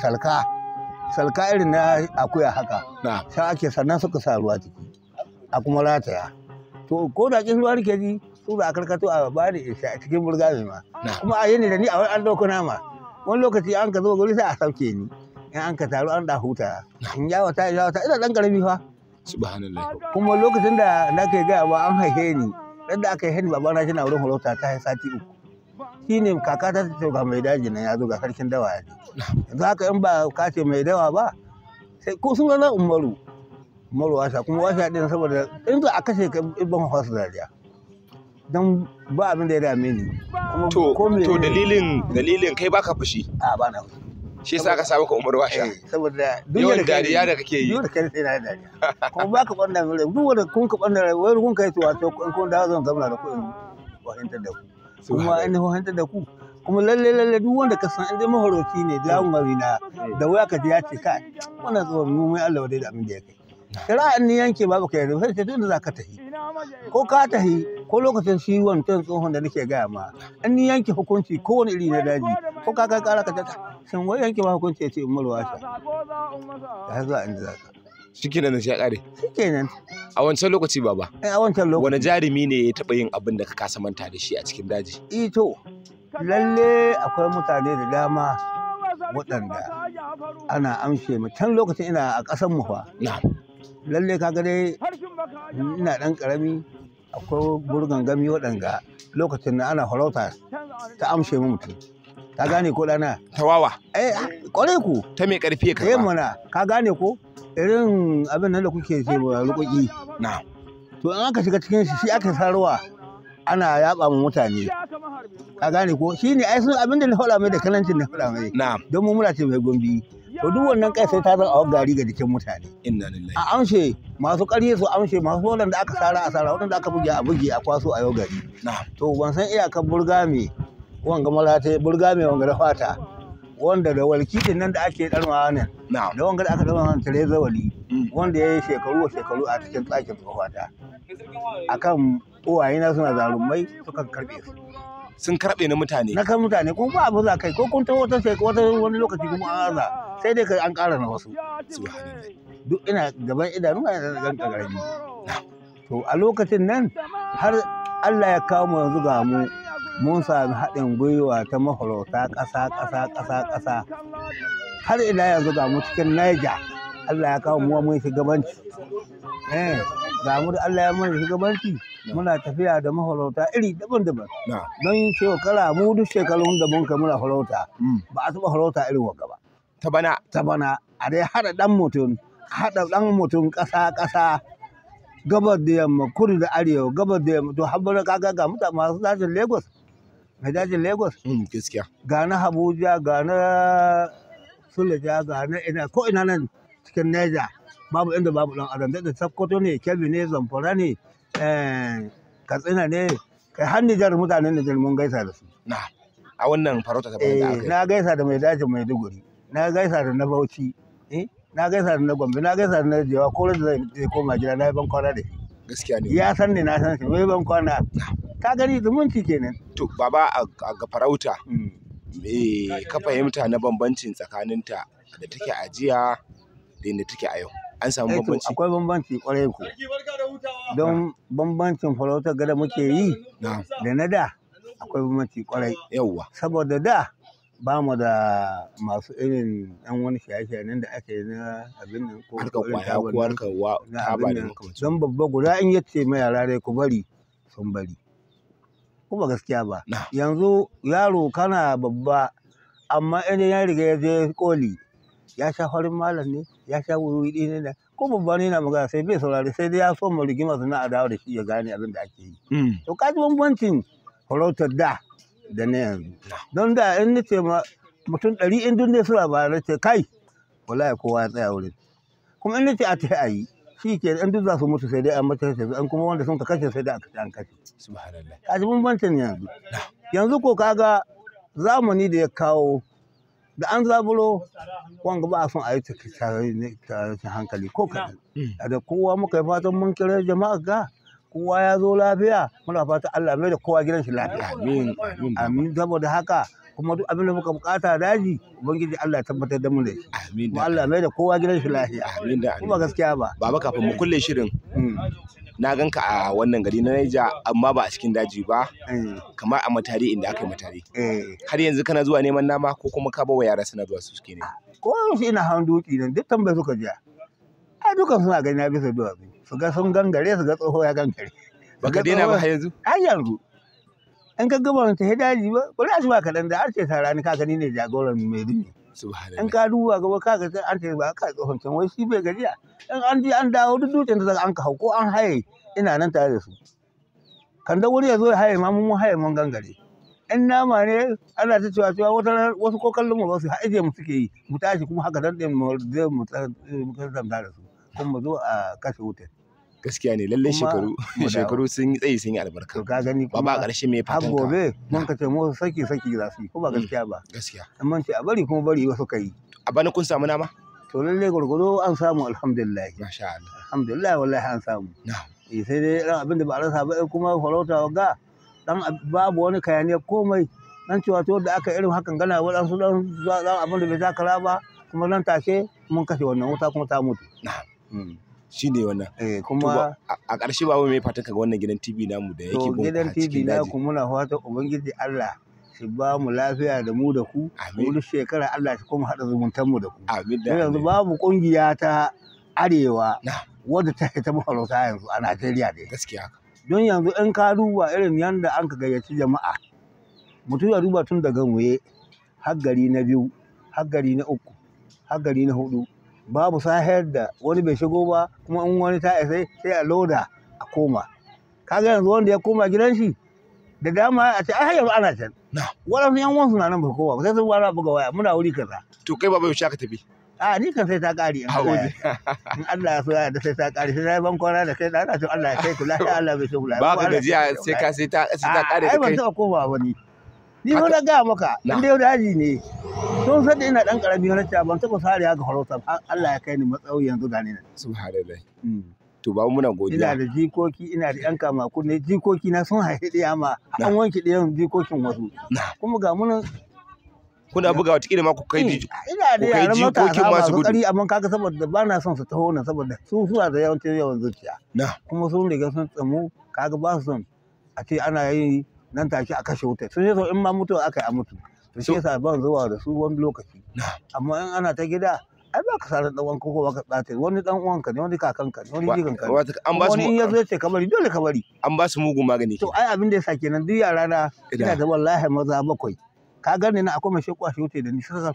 salka salka irin na akuya haka sai ake sannan suka sa ruwa ciki a kuma rataya to ko da kin ruwa rike ji su da karkato a bari a cikin burgazi ma kuma a yini da ni a wani an dauko nama wani lokaci an ka zo guri sai a sauke ni in an ka taru an da huta in ya wata ya wata ina dan karami fa subhanallah kuma lokacin da nake ga ba an haife ni dan da aka haife ni babana na wurin hulauta ta sati uku shi ne kaka ta ce ga mai daji nan ya zo ga sarkin dawa ya zo yanzu haka in ba ka ce mai dawa ba sai ko suna na umaru umaru wasa kuma wasa ɗin saboda in za a kashe ka ban hausa zariya. don ba abin da ya dame ni to to dalilin dalilin kai baka fushi a ba na fushi shi yasa aka samu ka umaru wasa. Eh, saboda duk da dariya da kake yi duk da kai sai na dariya kuma ba ka banda duk wanda kun ka banda wani kun kai to wato kun da zan zauna da ku in wahintar da ku kuma ina hantar da ku kuma lalle lalle duk wanda ka san inda mahoroki ne da yawon na eh. da waya ka ya ce ka wannan tsohon mu mai Allah wadai da abin da ya kai an ni yanke babu kai da sai tunda za ka tahi ko ka tahi ko lokacin shi wancan tsohon da nake gaya ma An ni yanke hukunci ko wani iri na daji ko ka ka kara ka ta shin wai yanke ba hukunci ya ce umarwa ta ta zuwa inda za ka shikenan nan shi ya kare shikenan a wancan lokaci baba eh, a wancan lokaci wani jarumi ne ya taba yin abin da ka kasa manta da shi a cikin daji eh to lalle akwai mutane da dama waɗanda ana amshe mu can lokacin ina a ƙasan mu fa lalle kaga dai ina ɗan ƙarami akwai burgan gami waɗanda lokacin da ana farauta ta amshe mu mutum ka gane ko ɗana tawawa eh ƙwarai ku ta mai ƙarfi ka eh, mana ka gane ko irin abin nan da kuke ce ba rukuki na to an aka shiga cikin shi aka sarwa ana yaba mu mutane ka gane ko shine ai sun abin da na faɗa mai da kanancin na faɗa mai don mu muna ce mai gombi to duk wannan kai sai ta zan awar gari ga jikin mutane inna lillahi a amshe masu ƙarye su amshe masu da aka sara a sara da aka buge a buge a kwaso a yau gari na to ban san iyakar burga me wanga mara ta burga me wanga da fata wanda da walki nan da ake ɗarmawa nan da wanga da aka ɗarmawa nan tare Wali mm. wanda ya yi shekaru shekaru a cikin tsakin tsofata akan na suna zarumai suka karɓe su sun karɓe na mutane na kan mutane kuma ba abu za kai ko kun ta wata wani lokaci kuma an aza sai dai an ƙara na wasu duk ina gaban idanu na zan ƙarami to a lokacin nan har Allah ya kawo mu yanzu ga mu mun sami haɗin gwiwa ta mafarauta ƙasa ƙasa ƙasa ƙasa har ila yanzu ga mu cikin Niger Allah ya kawo mu mun shugabanci eh ga mu Allah ya mun shugabanci muna tafiya da mafarauta iri daban-daban don shekara mu duk shekarun da mun kai muna farauta mm. ba a taɓa farauta irin wa gaba ta bana ta bana a dai haɗa ɗan mutum haɗa ɗan mutum ƙasa ƙasa gabar da yamma kudu da arewa gabar da yamma to habbar kaga ga mutane masu dajin lagos dajin Lagos? Mm, gaskiya. Ga na Abuja, ga na Sulaja, ga na ina ko ina nan cikin Neja. Babu inda babu dan adam. Daga Sakkwato ne, Kebbi ne, Zamfara ne, eh, Katsina ne. Kai har Nijar mutanen Nijar mun gaisa da su. Na. A wannan farauta ta bayan da eh, Na gaisa da mai dajin duguri. Na gaisa da na Bauchi. Eh, na gaisa da na Gombe, na gaisa da na Jewa, ko da zai koma gida na yi ban kwana da Gaskiya ne. Ya san ne na san shi, wai ban kwana. ka gani zumunci kenan to baba a ga farauta hmm. me ka fahimta na bambancin tsakaninta da take a jiya da inda take a yau an samu eh bambanci akwai bambanci kwarai ku don bambancin farauta gada muke yi da na da akwai bambanci kwarai yauwa saboda da ba mu da masu irin yan wani shaye-shaye nan da ake na abin nan ko harkar kwaya ko harkar wa don babba guda in yace mai yara dai ku bari sun bari ko ba gaskiya ba yanzu yaro kana babba amma idan ya riga ya je koli ya sha farin malam ne ya sha wuri ne da ko babba ne na magana sai bai saurari sai dai ya so mu rigima suna a dawo da shi ya gane abin da ake yi hmm. to ka ji bambancin farautar da da na yanzu don da in nace ma mutum ɗari in dun ne sura ba ce kai wallahi kowa ya tsaya wurin kuma in nace a ta yi shi ke an duk za su mutu sai dai an mace sai an kuma wanda sun ka kashe sai dai an kashe subhanallah ajibin bambancin yanzu yanzu ko kaga zamani da ya kawo da an zaburo wanga ba a son a yi ta hankali ko kaɗan mm. da kowa muka yi fatan mun kira jama'a ga kowa ya zo lafiya muna fatan Allah mai da kowa gidan shi lafiya amin saboda haka kuma duk abin da muka bukata daji ubangiji Allah ya tabbatar da mu da shi amin da Allah mai da kowa gidan shi lafiya amin da kuma gaskiya ba baba kafin mu kulle shirin mm. na ganka a wannan gari na Niger amma ba a cikin daji ba eh. kamar a matari inda aka yi matari eh. har yanzu kana zuwa neman nama ko kuma ka bawa yara suna zuwa su suke ne ah, ko yanzu ina hawan duki nan duk tambayar suka ji a duka suna gani na bisa duwatsu su ga sun gangare su ga tsoho ya gangare baka daina ba yanzu har yanzu an ka gaba ta he daji ba ba za su ba kaɗan da arce ta rani ka gani ne jagoran mai rufi an ka duba gaba ka ga arce ba ka tsohon can wai shi bai gajiya in an ji an dawo duk dutsen da an ka hau ko an haye ina nan tare da su kan da wuri ya zo ya haye ma mun haye mun gangare in nama ne ana ta cewa cewa wata wasu ko kallon mu ba su haije mu suke yi mu tashi kuma haka dan ɗin mu zai mu zai eh, da su kuma zo a kashe wutar gaskiya ne lallai shekaru shekaru sun yi tsayi sun yi albarka ba gani ba ba karshe me fatan ka gobe nan ka ce mu saki saki za su yi ko ba mm, gaskiya ba gaskiya amma ce a bari kuma bari ba suka kai. a bana kun samu nama to lallai gurgudo an samu alhamdulillah masha Allah alhamdulillah wallahi an samu na'am eh sai dai ran abin da ba a rasa ba kuma farauta ga dan babu wani kayaniyar komai dan cewa to da aka irin hakan gana waɗansu dan dan abin da bai takara ba kuma nan take mun kashe wannan wuta kuma ta mutu na'am mm. shi ne wannan eh, kuma a ƙarshe babu mai fatan kaga wannan gidan tv namu da yake bunka gidan tv na ku muna fata ubangiji Allah shi ba mu lafiya da mu da ku duk shekara Allah shi kuma haɗa zumuntar mu da ku yanzu babu kungiya ta arewa wadda ta ta mafarauta yanzu a Najeriya ne gaskiya don yanzu in ka duba irin yanda an ka gayyaci jama'a mutum ya duba tun daga waye har gari na biyu har gari na uku har gari na hudu babu sahayar da wani bai shigo ba kuma in wani ta sai sai a loda a koma kaga yanzu wanda ya koma gidan shi da dama a ce ai yanzu ana can waɗansu yan wasu na nan ba kowa sai sun wara buga waya muna wuri kaza to kai babu yaushe aka tafi a ni kan sai ta kare in Allah in Allah ya so ya sai ta kare sai ban kwana da kai da ana so Allah ya kai kula sai Allah bai so kula ba ka gajiya sai ka sai ta sai ta kare kai ai ban taɓa koma ba ni ni fa na ga maka in dai daji ne to sai da ina dan karami na ta ban taba sariya ga farauta Allah ya kai ni matsayi yanzu ga ni subhanallahi mm. to ba muna godiya ina da jikoki ina da yan kama kunne jikoki na sun haifi da ma an wanke ɗayan jikokin wasu kuma ga mun kuna buga wata kila ma ku kai jiji eh, ina da mata masu gudu su da amma kaga saboda ba na son su taho na saboda su suna da yawancin yawan zuciya na kuma sun riga sun tsamu kaga ba su son a ce ana yi nan take a kashe shauta. sun so in ma mutu aka yi a mutu to shi yasa ban zuwa da su wani lokaci amma in ana ta gida ai ba ka sarar dan wanka ko baka tsata wani dan ka ne wani ka ne wani jikanka ne an ba su wani yazo ka bari dole bari an ba su mugun magani to ai abin da yasa kenan duk yara na ina da wallahi maza bakwai ka gane na akwai mai shekwa shi wuce da ni sarar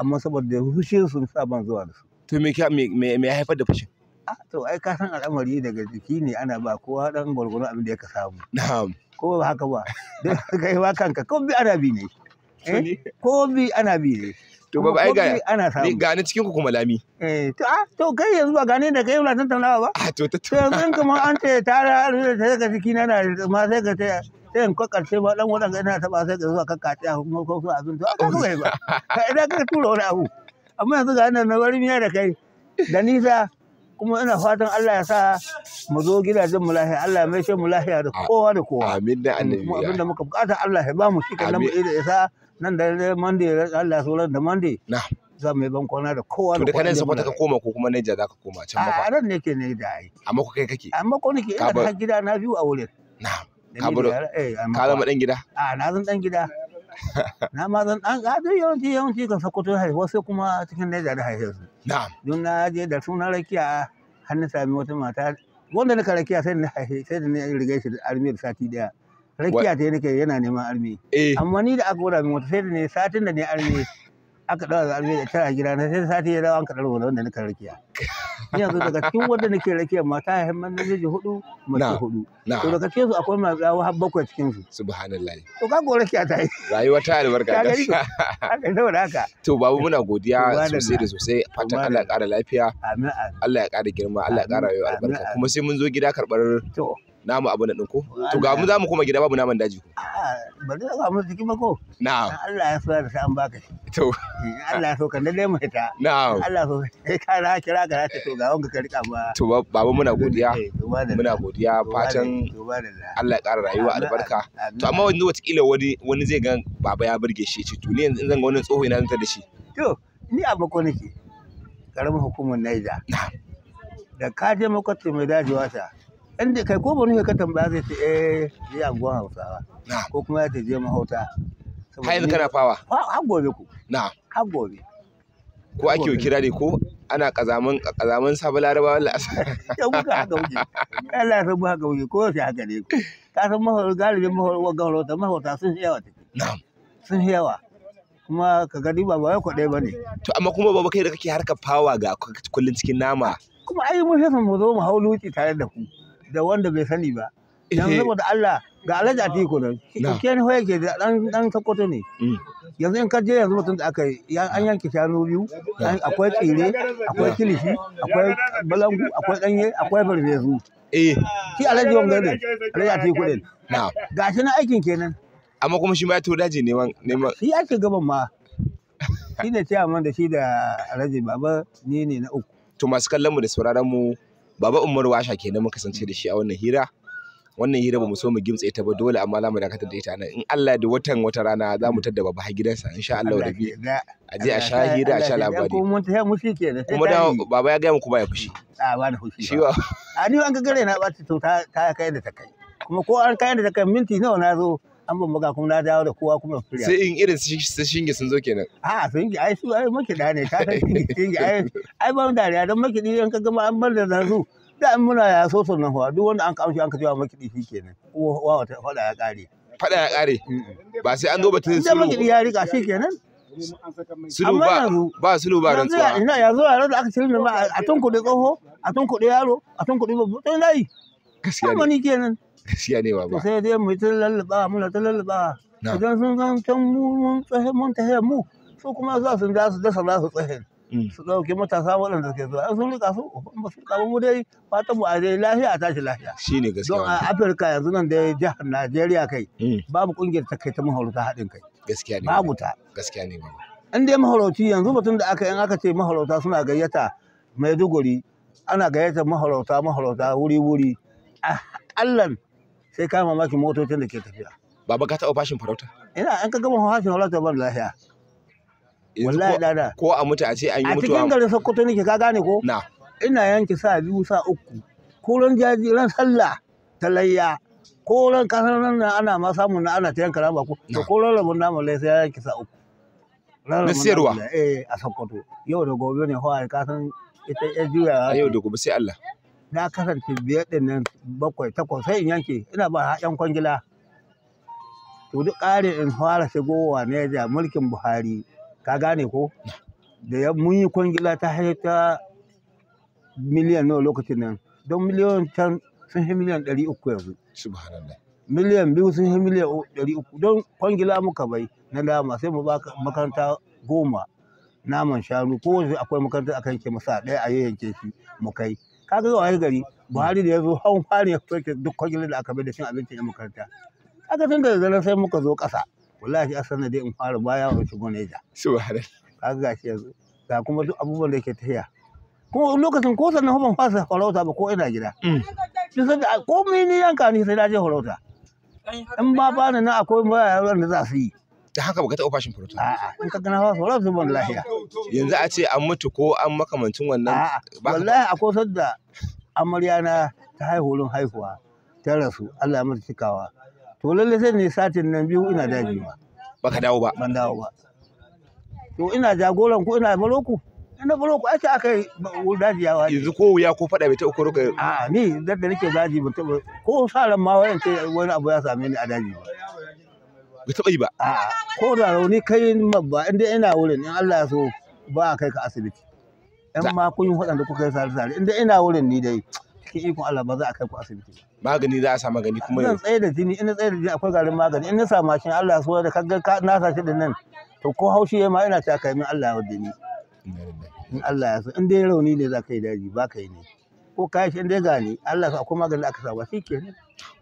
amma saboda shi sun sa ban zuwa da su to me me me haifar da fushin ah, to ai ka san al'amari daga jiki ne ana ba kowa dan gwargwaro abin da ya ka samu na'am ko ba haka ba don kai wa kanka ko bi ana bi ne eh, ko bi ana bi ne to ba ai ga ni ga ni cikin ku kuma lami eh to a ah, to kai yanzu ba gane da kai wannan tantana ba a ah, to to yanzu kuma an ce tara ta ga ciki na ma sai ka ta sai in kwakar sai ba dan wadanga ina taba sai ka zuwa kakkace a kuma ko ko abin to a ka kai ba idan ka tura wani abu amma yanzu ga nan na bari miya da kai da nisa kuma ina fatan Allah ya sa mu zo gidajen mu lafiya Allah ya shi mu lafiya da kowa da kowa amin da annabi kuma abinda muka bukata Allah ya ba mu shi kan mu da isa nan da mande Allah ya so da mande na za mu yi bankwana da kowa da kowa. To da kanan sabata ka koma ko kuma Niger za ka koma can ba. A nan ke ne da ai. Amma ko kai kake? Amma ko nake ina da gida na biyu a wurin. Na'am. Ka bar eh, ka zama dan gida? A na zan dan gida. na ma zan dan gado yawanci yawanci kan tun haihuwa sai kuma cikin Niger da haihuwa su don na je da suna rakiya hannu sami wata mata wanda na rakiya sai na haihe sai da na riga shi da army da sati daya rakiya ta nake yana neman army eh. amma ni da aka wada min wata sai da ne satin da ne army aka dawo da army da tara gida na sai sati ya dawo an ka wanda na rakiya ni yanzu daga cikin wanda nake ta mata ya himman namiji hudu mace hudu to daga cikin su akwai masu yawo har bakwai cikin su subhanallahi to ka gore ki ta yi rayuwa ta albarka ka gani haka saboda haka to babu muna godiya sosai da sosai fatan Allah ya kara lafiya amin Allah ya kara girma Allah ya kara rayuwa albarka kuma sai mun zo gida karbar to namu abin nan ko to ga mu za mu koma gida babu naman daji ko bari za mu jiki ba ko na'am Allah ya so da an baka shi to Allah ya so kan dai mu ta. na'am Allah so kai ka ra kira ga ta to ga wanga ka rika ba to baba muna godiya eh, muna godiya fatan Allah ya ƙara rayuwa albarka to amma wani wata kila wani wani zai ga baba ya burge shi ce to ni yanzu in zan ga wannan tsoho ina zanta da shi to ni a mako nake karamin hukumar Niger da ka je makwata mai dajewa ta inda kai ko bani ka tambaya zai ce eh je gwan hausawa ko kuma ya je mahauta har yanzu kana fawa har gobe ku na har gobe ko ake kira ne ko ana kazamin kazamin sabu laraba wala ya buga ga wuce Allah ya san haka wuce ko sai haka ne ka san mahauta galibin mahauta mahauta mahauta sun yawa take na'am sun yawa kuma ka gani ba ba ko ɗaya bane to amma kuma baba kai da kake harkar fawa ga kullun cikin nama kuma ai mun sai mu zo mu hau tare da ku da wanda bai sani ba yanzu eh. saboda Allah ga alhaji Atiku nan ke ne hoye ke dan dan sakkwato ne yanzu in ka je yanzu mutum da aka yi an yanke shanu biyu akwai tsire akwai kilishi akwai balangu akwai danye akwai barbezu. eh shi alhaji wanga ne alhaji Atiku ne ga shi na aikin kenan amma kuma shi ma ya to daji neman neman shi ake gaban ma shi ne ciyaman da shi da alhaji baba ni ne na uku to masu kallon mu da sauraron mu Baba Umar Washa kenan muka kasance da shi a wannan hira. Wannan hira bamu so mu gimtse ta ba dole amma za mu dakatar da ita nan. In Allah da watan wata rana za mu tadda baba gidansa insha Allah rabi. A je a sha hira a sha labari. Kuma da baba ya gaya muku ba ya fushi. A ba da fushi. Shi ba. A ni an ga gare na ba ta kai da ta kai. Kuma ko an kai da ta kai minti nawa na zo an ban buga kuma na dawo da kowa kuma furiya sai in irin su shinge sun zo kenan a sun ai su ai makida ne ta san shinge ai ai ban mu dariya don makidi in ka gama an bar da nasu da an muna ya so sannan fa duk wanda an kamshi an ka cewa makidi shi kenan wa wata faɗa ya kare Faɗa ya kare ba sai an zo batun su da makidi ya rika shi kenan Sulu ba, ba sulu ba rantsuwa. Ina yanzu a da aka cire ma a tun kuɗi tsoho, a tun kuɗi yaro, a tun kuɗi babu, tun layi. Gaskiya ne. kenan. gaskiya ne baba sai dai mu ta lallaba mu ta lallaba idan sun san can mu mun tsaye mun tahe mu su kuma za su da su dasa za mm. su tsaye su dauke matasa waɗanda suke zuwa an sun rika su ba su kawo mu dai fata mu a dai lafiya a shi lafiya shine gaskiya don a Afirka yanzu nan dai jihar Najeriya kai mm. babu kungiyar ta kai ta mahaurata haɗin kai gaskiya ne babu ta gaskiya ne baba in dai maharauci yanzu batun da aka yi aka ce maharauta suna gayyata maiduguri ana gayyata maharauta maharauta wuri-wuri a ah, allan sai ka mamaki motocin da ke tafiya baba ka taɓa fashin farauta ina an ka gama fashin farauta ban lafiya wallahi dada ko a mutu a ce an yi mutuwa a cikin garin sokoto nake ka gane ko na ina yanke sa biyu sa uku ko ran jaji ran sallah talayya ko ran kasar nan ana ma samun na ana ta yanka ko to ko ran rabon namu lai sai ya yanke sa uku na siyarwa eh a sokoto yau da gobe ne hawa ka san ita ya juya yau da gobe sai Allah na kasance biyar ɗin nan bakwai takwas sai in yanke ina ba yan kwangila to duk ƙari in fara shigowa da mulkin buhari ka gane ko da mun yi kwangila ta hanyar ta miliyan nawa lokacin nan don miliyan can sun fi miliyan ɗari uku yanzu. Miliyan biyu sun fi miliyan ɗari uku don kwangila muka bai na dama sai mu ba makaranta goma naman shanu kowace akwai makaranta akan ke masa ɗaya a yayyanke shi mu kai ka zuwa wani gari mm. buhari da ya zo hawan fari ya fake duk kwagila da aka bai da cin abincin yan makaranta aka tun da zarar sai muka zo ƙasa wallahi a sanar dai in fara baya wa shigo neja ka ga shi yanzu ga kuma duk abubuwan da ke tafiya kuma lokacin ko sannan ban fasa farauta ba ko ina gida mm. ko mini yanka ni sai da je farauta in ba ba na akwai ba yaran da za su yi ta haka baka taɓa fashin proton a'a in ka gana wasu wala zuban lahiya yanzu a ce an mutu ko an makamancin wannan wallahi a kosar da amarya na ta haihurin haihuwa ta rasu Allah ya mata cikawa to lalle sai ne satin nan biyu ina daji ba baka dawo ba ban dawo ba to ina jagoran ku ina maroku ina maroku a ce aka yi wa yanzu ko wuya ko faɗa bai taɓa ko ruka a ni da nake daji ban taɓa ko sa ran ma wayan wani abu ya same ni a daji ba bai taɓa yi ba ko da rauni kai babba inda ina wurin in Allah ya so ba a kai ka asibiti yan ma kun yi waɗanda kuka yi sare sare inda ina wurin ni dai cikin ikon Allah ba za a kai ku asibiti magani za a sa magani kuma yau tsaye da jini ina tsaye da jini akwai garin magani ina sa mashin Allah ya so da kaga na sa shi da nan to ko haushi ya ma ina ta kai min Allah ya wadda ni in Allah ya so in dai rauni ne za ka yi daji ba ka yi ne ko ka yi shi in dai gani Allah ya so akwai magani da aka sa ba shi kenan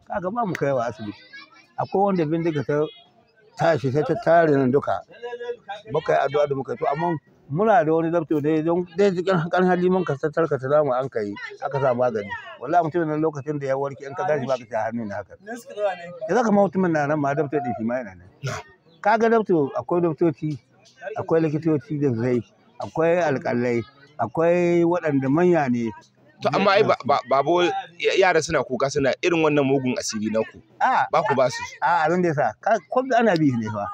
kaga ba mu wa asibiti akwai wanda bindiga ta tashi sai ta tare nan duka muka yi addu'a da muka yi to amma muna da wani dabto ne don dai cikin kan hali mun ka ta zamu an kai aka sa magani wallahi mutum nan lokacin da ya warke in ka gashi ba ka ta hannu na haka ya zaka ma mutumin na nan ma dabto din shi ma yana nan kaga dabto akwai doktoci akwai likitoci da zai akwai alƙalai akwai waɗanda manya ne To amma ai babo yara suna kuka suna irin wannan mugun asiri na ku. Ba ku ba su. A abin da yasa ko ana bi ne fa.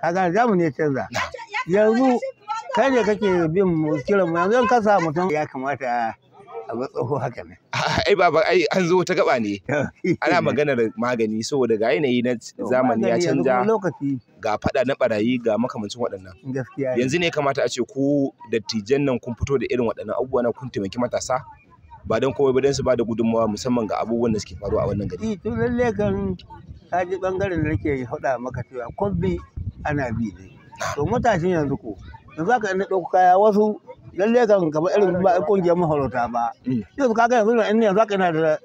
Kaga mu ya canza. Yanzu kai ne kake bin mu, kiran mu yanzu ka sa mutum ya kamata abu tsoho haka ne ai baba ai an zo ta gaba ne ana maganar magani saboda ga yanayi na zamani ya canja ga fada na barayi ga makamancin waɗannan yanzu ne kamata a ce ko dattijan nan kun fito da irin waɗannan abubuwa na kun taimaki matasa ba don komai ba don su ba da gudunmawa musamman ga abubuwan da suke faruwa a wannan gari. to lalle kan ka ji bangaren da nake faɗa maka cewa bi ana bi ne ah. to matashin yanzu ko yanzu aka ɗauko kaya wasu lalle kan kamar irin ba kungiyar maharauta ba mm. yanzu kaga yanzu in ne yanzu ina da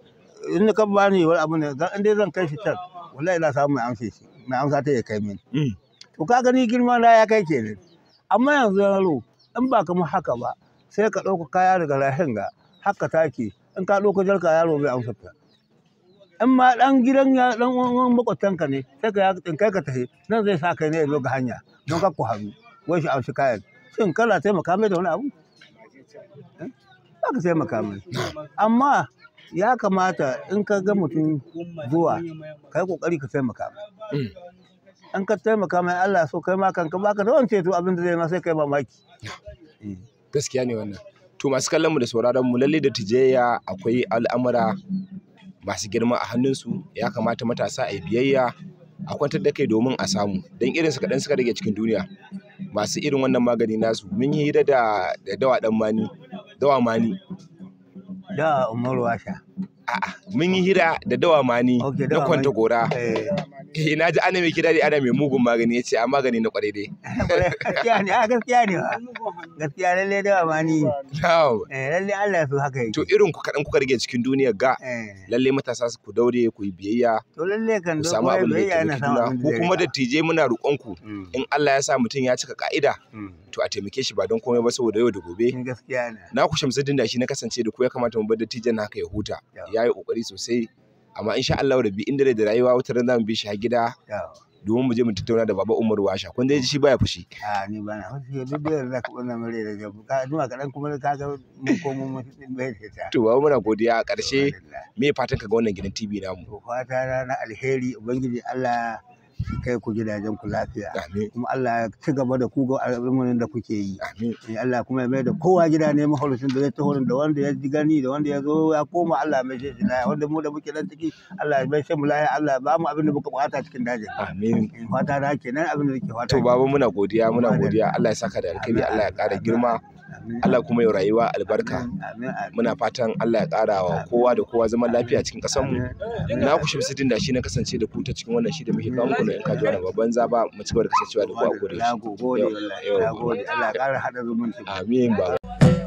in ka ba ni wani abu ne in inda zan kai shi can wallahi ina samu mai amsa shi mai amsa ta ya kai min mm. to kaka ni girma na ya kai ne amma yanzu yaro in ba kamar haka ba sai ka ɗauka kaya daga rahin ga haka take in ka ɗauka jarka yaro bai amsa ta in ma ɗan gidan ya ɗan uwan makwabtanka ne sai ka ya kai ka tafi nan zai sa kai ne ya zo ga hanya don ka ku hannu wai shi amshi kayan shin kana taimaka mai da wani abu ba ka taimaka mai amma ya kamata in ka ga mutum zuwa ka yi kokari ka taimaka mai an mm. ka taimaka mai Allah so kai ma ka baka da ceto abin da zai ma sai kai mamaki gaskiya ne wannan to masu kallon mu da sauraron mu lalle da tijeya akwai al'amura masu girma a hannunsu ya kamata matasa a biyayya a kwantar da kai domin a samu don irinsu kaɗan suka rage cikin duniya masu irin wannan magani nasu mun yi hira da da dawa dan mani dawa mani da umar washa a'a mun yi hira da dawa mani na kwanta gora eh. Eh, na ji ana mai kira da ana mai mugun magani ce a ah, magani na kwarai dai gaskiya ne ah, gaskiya ne gaskiya lalle da ba ni eh lalle Allah ya so haka yake to irin ku kadan kuka rige cikin duniya ga eh. lalle matasa su ku daure ku yi biyayya to lalle kan ku samu abin da yake ku kuma da tije muna roƙon ku hmm. in Allah ya sa mutum ya cika ka'ida hmm. to a taimake shi ba don komai ba saboda yau da gobe hmm, gaskiya ne na ku shamsuddin da shi na kasance da ku ya kamata mu bar dattijan haka ya huta yayi kokari sosai amma insha Allah rabbi inda da rayuwa wata ran zamu bi shi a gida domin mu je mu tattauna da baba Umar Washa kun dai shi baya fushi a ni ba na fushi duk da za ka kunna mare da gabu ka duma kadan kuma ka ga mun komo mun bai ta to baba muna godiya a ƙarshe me fatan ka ga wannan gidan TV namu to fata na alheri ubangiji Allah kai ku gidajen ku lafiya kuma Allah ya ci gaba da ku ga al'amarin da kuke yi eh, Allah kuma ya mai da kowa gida ne mahaurucin da zai taho da wanda ya ji gani da wanda ya zo ya koma Allah mai shi shi laya wanda mu da muke nan ciki Allah ya mai shi mu laya Allah ba mu abin da muka bukata cikin dajin amin eh, fata da ke nan abin da nake fata to baba muna godiya muna godiya Allah ya saka da alkhairi Allah ya kara girma Allah kuma ya rayuwa albarka muna fatan Allah ya ƙara wa kowa da kowa zaman lafiya cikin ƙasar mu na ku shi sitin da shi na kasance da ku ta cikin wannan shi da muke kawo muku na yanka ji ba babban zaba mu ci gaba da kasancewa da ku a gode Na gode, Allah ya ƙara haɗa zumunci. Amin ba.